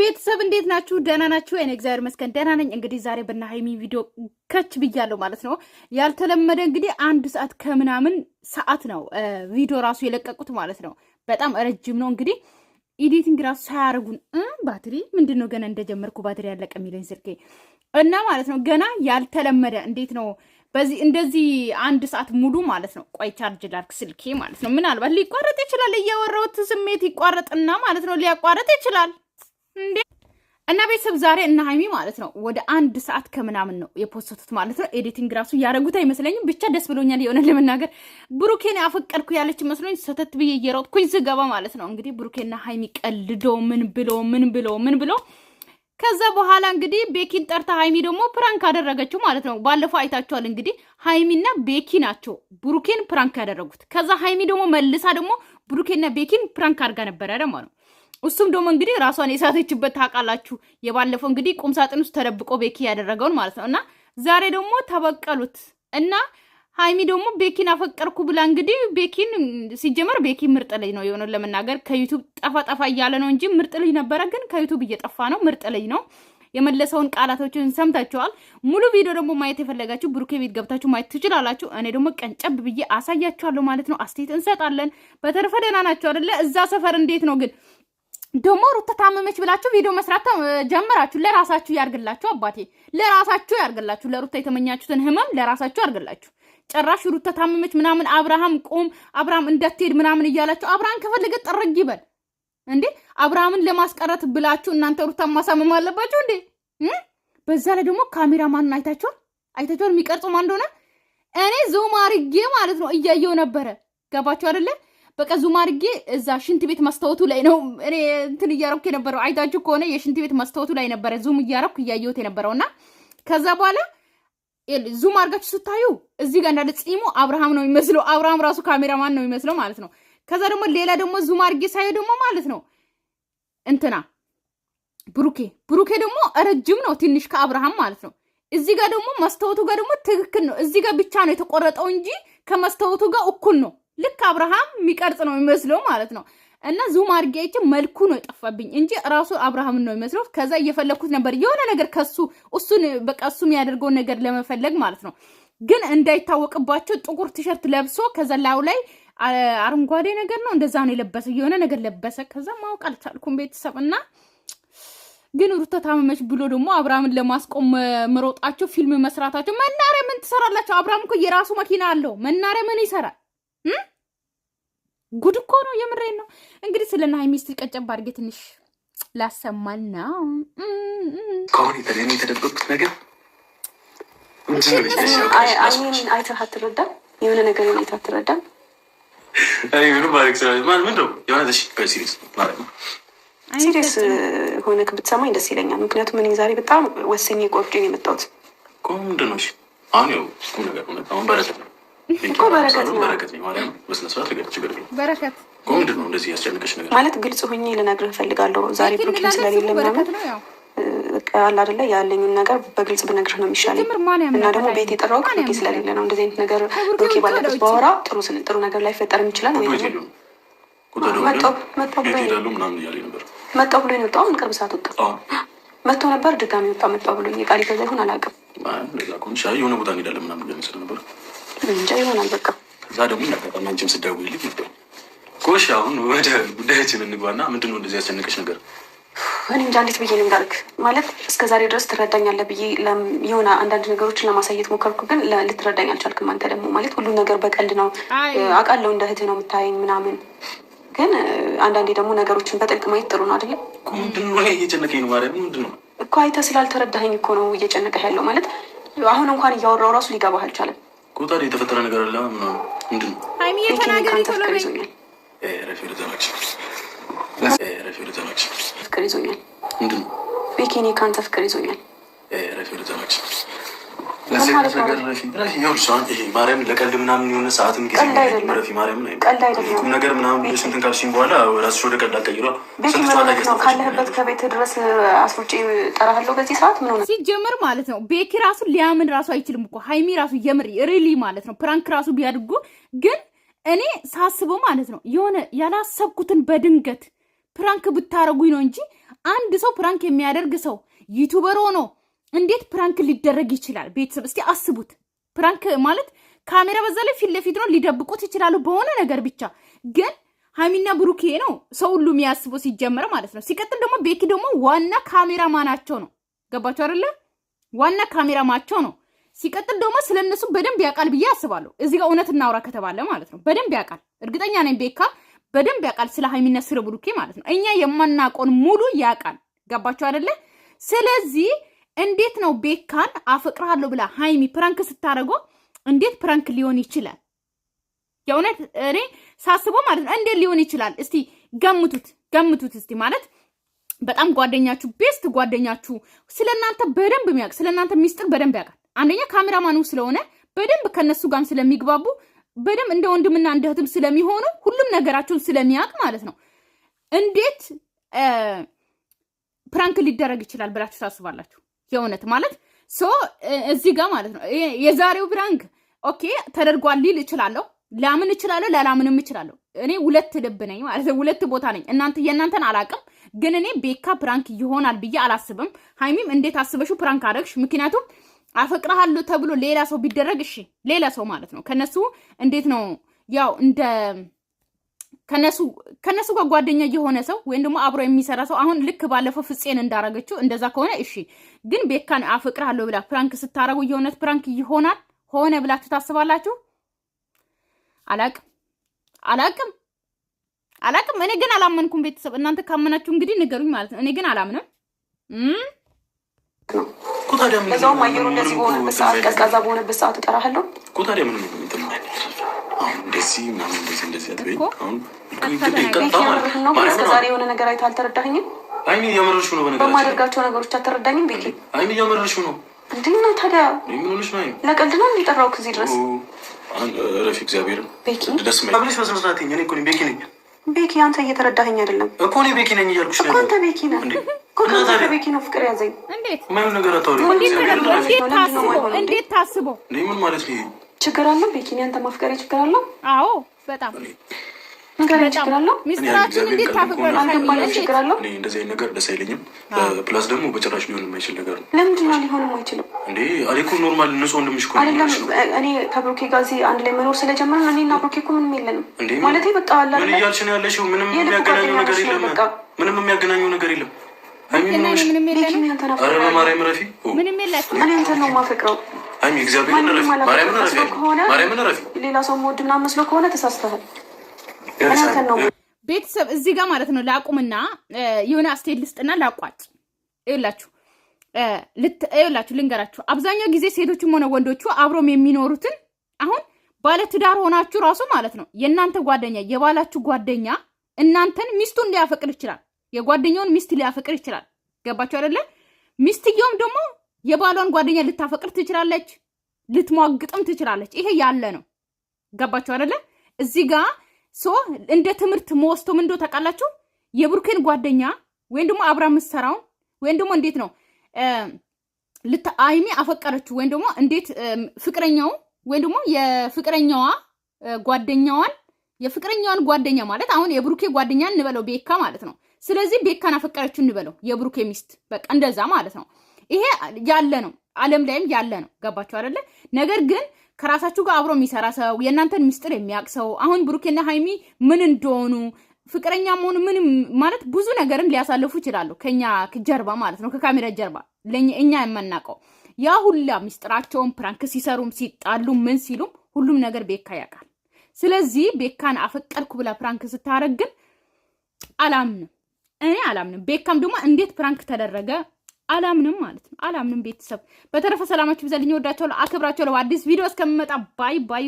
ቤተሰብ እንዴት ናችሁ? ደህና ናችሁ? እኔ እግዚአብሔር ይመስገን ደህና ነኝ። እንግዲህ ዛሬ በና ሀይሚ ቪዲዮ ከች ብያለሁ ማለት ነው። ያልተለመደ እንግዲህ አንድ ሰዓት ከምናምን ሰዓት ነው ቪዲዮ ራሱ የለቀቁት ማለት ነው። በጣም ረጅም ነው እንግዲህ ኢዲቲንግ ራሱ ሳያደርጉን ባትሪ ምንድን ነው ገና እንደጀመርኩ ባትሪ ያለቀ የሚለኝ ስልኬ እና ማለት ነው። ገና ያልተለመደ እንዴት ነው በዚህ እንደዚህ አንድ ሰዓት ሙሉ ማለት ነው። ቆይ ቻርጅ ላድርግ ስልኬ ማለት ነው። ምናልባት ሊቋረጥ ይችላል። እያወራሁት ስሜት ይቋረጥና ማለት ነው ሊያቋረጥ ይችላል እንዴ እና ቤተሰብ ዛሬ እና ሀይሚ ማለት ነው ወደ አንድ ሰዓት ከምናምን ነው የፖስቱት ማለት ነው። ኤዲቲንግ ራሱ ያደረጉት አይመስለኝም። ብቻ ደስ ብሎኛል። የሆነ ለመናገር ብሩኬን አፈቀድኩ ያለች መስሎኝ ሰተት ብዬ እየሮጥኩኝ ስገባ ማለት ነው እንግዲህ ብሩኬና ሀይሚ ቀልዶ ምን ብሎ ምን ብሎ ምን ብሎ ከዛ በኋላ እንግዲህ ቤኪን ጠርታ ሀይሚ ደግሞ ፕራንክ አደረገችው ማለት ነው። ባለፈው አይታችኋል እንግዲህ ሀይሚና ቤኪ ናቸው ብሩኬን ፕራንክ ያደረጉት። ከዛ ሀይሚ ደግሞ መልሳ ደግሞ ብሩኬና ቤኪን ፕራንክ አድርጋ ነበረ ደግሞ ነው እሱም ደግሞ እንግዲህ ራሷን የሳተችበት ታውቃላችሁ። የባለፈው እንግዲህ ቁምሳጥን ውስጥ ተደብቆ ቤኪ ያደረገውን ማለት ነው እና ዛሬ ደግሞ ተበቀሉት እና ሀይሚ ደግሞ ቤኪን አፈቀርኩ ብላ እንግዲህ ቤኪን ሲጀመር ቤኪ ምርጥ ልጅ ነው የሆነ ለመናገር ከዩቱብ ጠፋ ጠፋ እያለ ነው እንጂ ምርጥ ልጅ ነበረ፣ ግን ከዩቱብ እየጠፋ ነው። ምርጥ ልጅ ነው። የመለሰውን ቃላቶችን ሰምታችኋል። ሙሉ ቪዲዮ ደግሞ ማየት የፈለጋችሁ ብሩኬ ቤት ገብታችሁ ማየት ትችላላችሁ። እኔ ደግሞ ቀንጨብ ብዬ አሳያችኋለሁ ማለት ነው። አስተያየት እንሰጣለን። በተረፈ ደህና ናቸው አደለ? እዛ ሰፈር እንዴት ነው ግን ደግሞ ሩታ ታመመች ብላችሁ ቪዲዮ መስራት ጀምራችሁ ለራሳችሁ ያርግላችሁ አባቴ፣ ለራሳችሁ ያርግላችሁ። ለሩታ የተመኛችሁትን ህመም ለራሳችሁ ያርግላችሁ። ጭራሽ ሩታ ታመመች ምናምን አብርሃም ቆም፣ አብርሃም እንደትሄድ ምናምን እያላችሁ አብርሃም ከፈለገ ጥርግ ይበል እንዴ! አብርሃምን ለማስቀረት ብላችሁ እናንተ ሩታ ማሳመም አለባችሁ እንዴ? በዛ ላይ ደግሞ ካሜራ ማን አይታችኋል? አይታችኋል የሚቀርጹ ማን እንደሆነ እኔ ዞም አርጌ ማለት ነው እያየው ነበረ። ገባችሁ አይደለ? በቃ ዙም አድርጌ እዛ ሽንት ቤት መስታወቱ ላይ ነው እኔ እንትን እያረኩ የነበረው። አይታችሁ ከሆነ የሽንት ቤት መስታወቱ ላይ ነበረ ዙም እያረኩ እያየሁት የነበረው እና ከዛ በኋላ ዙም አድርጋችሁ ስታዩ እዚህ ጋር እንዳለ ጺሙ አብርሃም ነው የሚመስለው። አብርሃም ራሱ ካሜራማን ነው የሚመስለው ማለት ነው። ከዛ ደግሞ ሌላ ደግሞ ዙም አድርጌ ሳየ ደግሞ ማለት ነው እንትና ብሩኬ ብሩኬ ደግሞ ረጅም ነው ትንሽ ከአብርሃም ማለት ነው። እዚህ ጋር ደግሞ መስታወቱ ጋር ደግሞ ትክክል ነው። እዚህ ጋር ብቻ ነው የተቆረጠው እንጂ ከመስታወቱ ጋር እኩል ነው። ልክ አብርሃም የሚቀርጽ ነው የሚመስለው ማለት ነው። እና ዙም አድርጌ መልኩ ነው የጠፋብኝ እንጂ ራሱ አብርሃምን ነው የሚመስለው። ከዛ እየፈለግኩት ነበር የሆነ ነገር ከሱ እሱን በቃ እሱ የሚያደርገውን ነገር ለመፈለግ ማለት ነው። ግን እንዳይታወቅባቸው ጥቁር ቲሸርት ለብሶ ከዛ ላዩ ላይ አረንጓዴ ነገር ነው እንደዛ ነው የለበሰ የሆነ ነገር ለበሰ። ከዛ ማወቅ አልቻልኩም ቤተሰብ እና ግን ሩታ ታመመች ብሎ ደግሞ አብርሃምን ለማስቆም መሮጣቸው ፊልም መስራታቸው መናሪያ ምን ትሰራላቸው? አብርሃም እኮ የራሱ መኪና አለው። መናሪያ ምን ይሰራል? ጉድ እኮ ነው። የምሬን ነው። እንግዲህ ስለ ሀይሚ ስትል ቀጨብ አድርጌ ትንሽ ላሰማና ከሁን የተለየ የተደበቁት ነገር አይኔን አይተህ አትረዳም። የሆነ ነገር አይተህ አትረዳም። ሲሪየስ ሆነህ ብትሰማኝ ደስ ይለኛል። ምክንያቱም እኔ ዛሬ በጣም ወሰኝ ቆርጬ ነው የመጣሁት። ምንድን ነው አሁን ያው ነገር እውነት አሁን በረት ነው ማለት ግልጽ ሆኜ ልነግርህ እፈልጋለሁ። ዛሬ ብሩኬን ስለሌለ ምናምን አለ አይደለ ያለኝን ነገር በግልጽ ብነግርህ ነው የሚሻለኝ። እና ደግሞ ቤት የጠራው ብሩኬ ስለሌለ ነው። እንደዚህ አይነት ነገር ብሩኬ ባለበት በወራ ጥሩ ስን ጥሩ ነገር ላይፈጠርም ይችላል። መጣሁ ብሎ ወጣሁ። ቅርብ ሰዓት ወጣሁ መጥቶ ነበር ድጋሚ ወጣ መጣ ብሎ ቃል ይገዛ ይሆን አላውቅም። የሆነ ቦታ እንሄዳለን ምናምን ብለን ነበር እንጃ ይሆናል። በቃ እዛ ደግሞ አጋጣሚ አንቺም ስደውይልኝ ነበር። ጎሽ አሁን ወደ ጉዳያችን እንግባና ምንድን ነው እንደዚህ ያስጨነቀች ነገር? እኔ እንጃ እንዴት ብዬ ልንገርክ። ማለት እስከ ዛሬ ድረስ ትረዳኛለህ ብዬ የሆነ አንዳንድ ነገሮችን ለማሳየት ሞከርኩ፣ ግን ልትረዳኝ አልቻልክም። አንተ ደግሞ ማለት ሁሉ ነገር በቀልድ ነው አውቃለሁ፣ እንደ እህትህ ነው የምታየኝ ምናምን ግን አንዳንዴ ደግሞ ነገሮችን በጥልቅ ማየት ጥሩ ነው አይደለም። ምንድነው እየጨነቀኝ ነው ማለት ምንድነው እኮ አይተህ ስላልተረዳኸኝ እኮ ነው እየጨነቀህ ያለው ማለት አሁን እንኳን እያወራው ራሱ ሊገባህ አልቻለም። ቁጣ የተፈጠረ ነገር አለ ምንድነው ፍቅር ይዞኛል። ቤኪኒ ከአንተ ፍቅር ይዞኛል። ማርያምን ለቀልድ ምናምን የሆነ ሰዓትም ጊዜ ነገር ምናምን ካልሽኝ በኋላ ወደ ቀልድ ካለህበት ከቤት ድረስ በዚህ ሰዓት ምን ሆነ ሲጀምር ማለት ነው። ቤኪ ራሱ ሊያምን ራሱ አይችልም እኮ ሀይሚ ራሱ የምር ሪሊ ማለት ነው። ፕራንክ ራሱ ቢያድርጉ ግን እኔ ሳስበው ማለት ነው የሆነ ያላሰብኩትን በድንገት ፕራንክ ብታረጉኝ ነው እንጂ አንድ ሰው ፕራንክ የሚያደርግ ሰው ዩቱበር ሆኖ እንዴት ፕራንክ ሊደረግ ይችላል? ቤተሰብ እስቲ አስቡት። ፕራንክ ማለት ካሜራ በዛ ላይ ፊት ለፊት ነው። ሊደብቁት ይችላሉ በሆነ ነገር ብቻ። ግን ሀይሚና ብሩኬ ነው ሰው ሁሉ የሚያስበው ሲጀመር ማለት ነው። ሲቀጥል ደግሞ ቤኪ ደግሞ ዋና ማናቸው ነው። ገባቸው አይደለ? ዋና ማቸው ነው። ሲቀጥል ደግሞ ስለ እነሱ በደንብ ያውቃል ብዬ አስባለሁ። እዚህ ጋር እውነት እናውራ ከተባለ ማለት ነው በደንብ ያውቃል። እርግጠኛ ነኝ ቤካ በደንብ ያውቃል ስለ ሀይሚና ስለ ብሩኬ ማለት ነው። እኛ የማናውቀውን ሙሉ ያውቃል። ገባቸው አይደለ? ስለዚህ እንዴት ነው ቤካን አፈቅርሃለሁ ብላ ሀይሚ ፕራንክ ስታደርጎ እንዴት ፕራንክ ሊሆን ይችላል? የእውነት እኔ ሳስቦ ማለት ነው እንዴት ሊሆን ይችላል? እስቲ ገምቱት፣ ገምቱት እስቲ ማለት በጣም ጓደኛችሁ ቤስት ጓደኛችሁ ስለ እናንተ በደንብ የሚያውቅ ስለ እናንተ ሚስጥር በደንብ ያውቃል። አንደኛ ካሜራማኑ ስለሆነ በደንብ ከነሱ ጋርም ስለሚግባቡ በደንብ እንደ ወንድምና እንደ እህትም ስለሚሆኑ ሁሉም ነገራቸውን ስለሚያውቅ ማለት ነው እንዴት ፕራንክ ሊደረግ ይችላል ብላችሁ ታስባላችሁ? የእውነት ማለት ሶ እዚህ ጋር ማለት ነው የዛሬው ብራንግ ኦኬ ተደርጓል ሊል እችላለሁ። ላምን እችላለሁ፣ ለላምንም እችላለሁ። እኔ ሁለት ልብ ነኝ ማለት ሁለት ቦታ ነኝ። እናንተ የእናንተን አላቅም፣ ግን እኔ ቤካ ፕራንክ ይሆናል ብዬ አላስብም። ሀይሚም እንዴት አስበሽው ፕራንክ አደረግሽ? ምክንያቱም አፈቅረሃለሁ ተብሎ ሌላ ሰው ቢደረግ እሺ፣ ሌላ ሰው ማለት ነው ከነሱ እንዴት ነው ያው እንደ ከነሱ ጋር ጓደኛ የሆነ ሰው ወይም ደግሞ አብሮ የሚሰራ ሰው አሁን ልክ ባለፈው ፍፄን እንዳረገችው እንደዛ ከሆነ እሺ። ግን ቤካን አለው ብላ ፕራንክ ስታረጉ የእውነት ፕራንክ ይሆናል ሆነ ብላችሁ ታስባላችሁ? አላቅም አላቅም አላቅም። እኔ ግን አላመንኩም። ቤተሰብ እናንተ ካመናችሁ እንግዲህ ንገሩኝ ማለት ነው። እኔ ግን አላምንም። በዛውም አየሩ እንደዚህ በሆነበት ሰዓት ቀዝቃዛ በሆነበት ሰዓት እጠራሃለሁ እንደዚህ ምናምን እንደዚህ እንደዚህ አትበይኝ። ዛሬ የሆነ ነገር አይተህ አልተረዳኸኝም። አይኔ እያመረሹ ነው። በነገራችን በማደርጋቸው ነገሮች አልተረዳኝም። ቤቴ አይኔ እያመረሹ ነው። እንዴት ነው ታዲያ? ምን ለቀልድ ነው እንዲጠራሁህ እዚህ ድረስ ረፊ ቤኪ አንተ እየተረዳኸኝ አይደለም እኮ እኔ ቤኪ ነኝ እያልኩሽ እኮ አንተ ቤኪ ነህ ቤኪ ነው ፍቅር ያዘኝ እንዴት ምን ነገር አታወሪ እንዴት ታስቦ እንዴት ታስቦ ምን ማለት ነው ችግር አለው ቤኪኒ፣ አንተ ማፍቀሪያ ችግር አለው? አዎ በጣም ነገር ደስ አይለኝም። ፕላስ ደግሞ በጭራሽ ሊሆን የማይችል ነገር ነው። ሊሆን እንዴ ኖርማል ወንድምሽ እኔ ከብሩኬ ጋዜ አንድ ላይ መኖር ስለጀመረ እኔ እና ምንም በቃ ምን ያለሽው? ምንም የሚያገናኘው ነገር የለም። ምንም የሚያገናኘው ነገር የለም። ምንም ምንም እኔ አንተን ነው የማፈቅረው ሀይሚ እግዚአብሔርን እረፊ፣ ማርያምን እረፊ፣ ማርያምን እረፊ። ሌላ ሰው መወድና መስሎ ከሆነ ተሳስተሃል። ቤተሰብ እዚህ ጋር ማለት ነው። ላቁምና የሆነ አስቴድ ልስጥና ላቋጭ። ይኸውላችሁ ይኸውላችሁ ልንገራችሁ፣ አብዛኛው ጊዜ ሴቶችም ሆነ ወንዶቹ አብሮም የሚኖሩትን አሁን ባለትዳር ሆናችሁ ራሱ ማለት ነው የእናንተ ጓደኛ የባላችሁ ጓደኛ እናንተን ሚስቱን ሊያፈቅር ይችላል። የጓደኛውን ሚስት ሊያፈቅር ይችላል። ገባችሁ አይደለ? ሚስትየውም ደግሞ የባሏን ጓደኛ ልታፈቅር ትችላለች፣ ልትሟግጥም ትችላለች። ይሄ ያለ ነው። ገባችሁ አይደለ? እዚህ ጋ ሶ እንደ ትምህርት መወስቶ ምንዶ ታውቃላችሁ። የብሩኬን ጓደኛ ወይም ደግሞ አብራ ምሰራውን ወይም ደግሞ እንዴት ነው አይሚ አፈቀረችው ወይም ደግሞ እንዴት ፍቅረኛው ወይም ደግሞ የፍቅረኛዋ ጓደኛዋን የፍቅረኛዋን ጓደኛ ማለት አሁን የብሩኬ ጓደኛ እንበለው ቤካ ማለት ነው። ስለዚህ ቤካን አፈቀረችው እንበለው የብሩኬ ሚስት በቃ እንደዛ ማለት ነው። ይሄ ያለ ነው፣ አለም ላይም ያለ ነው። ገባችሁ አይደለ? ነገር ግን ከራሳችሁ ጋር አብሮ የሚሰራ ሰው የእናንተን ሚስጥር የሚያውቅ ሰው አሁን ብሩኬና ሀይሚ ምን እንደሆኑ ፍቅረኛ መሆኑ ምን ማለት ብዙ ነገርን ሊያሳልፉ ይችላሉ። ከኛ ጀርባ ማለት ነው፣ ከካሜራ ጀርባ እኛ የምናውቀው ያ ሁላ ሚስጥራቸውን ፕራንክ ሲሰሩም ሲጣሉ ምን ሲሉም ሁሉም ነገር ቤካ ያውቃል። ስለዚህ ቤካን አፈቀርኩ ብላ ፕራንክ ስታረግ ግን አላምንም፣ እኔ አላምንም። ቤካም ደግሞ እንዴት ፕራንክ ተደረገ አላምንም ማለት ነው። አላምንም ቤተሰብ። በተረፈ ሰላማችሁ ብዛልኝ። ወዳችኋለሁ፣ አከብራችኋለሁ። አዲስ ቪዲዮ እስከምመጣ ባይ ባይ።